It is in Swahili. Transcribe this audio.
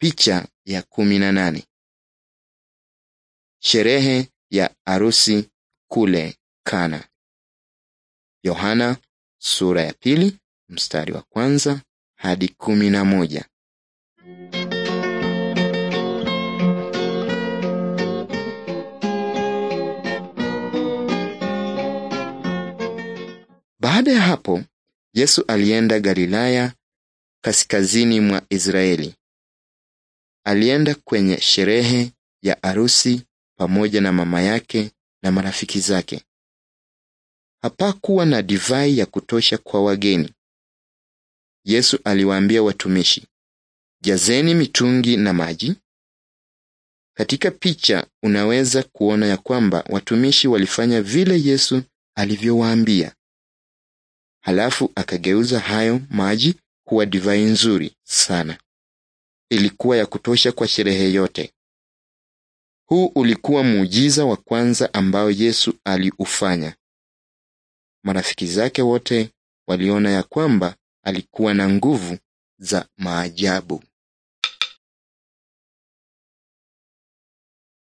Picha ya kumi na nane. Sherehe ya arusi kule Kana. Yohana sura ya pili mstari wa kwanza hadi kumi na moja. Baada ya hapo Yesu alienda Galilaya kaskazini mwa Israeli Alienda kwenye sherehe ya arusi pamoja na mama yake na marafiki zake. Hapakuwa na divai ya kutosha kwa wageni. Yesu aliwaambia watumishi, jazeni mitungi na maji. Katika picha unaweza kuona ya kwamba watumishi walifanya vile Yesu alivyowaambia. Halafu akageuza hayo maji kuwa divai nzuri sana ilikuwa ya kutosha kwa sherehe yote. Huu ulikuwa muujiza wa kwanza ambao Yesu aliufanya. Marafiki zake wote waliona ya kwamba alikuwa na nguvu za maajabu.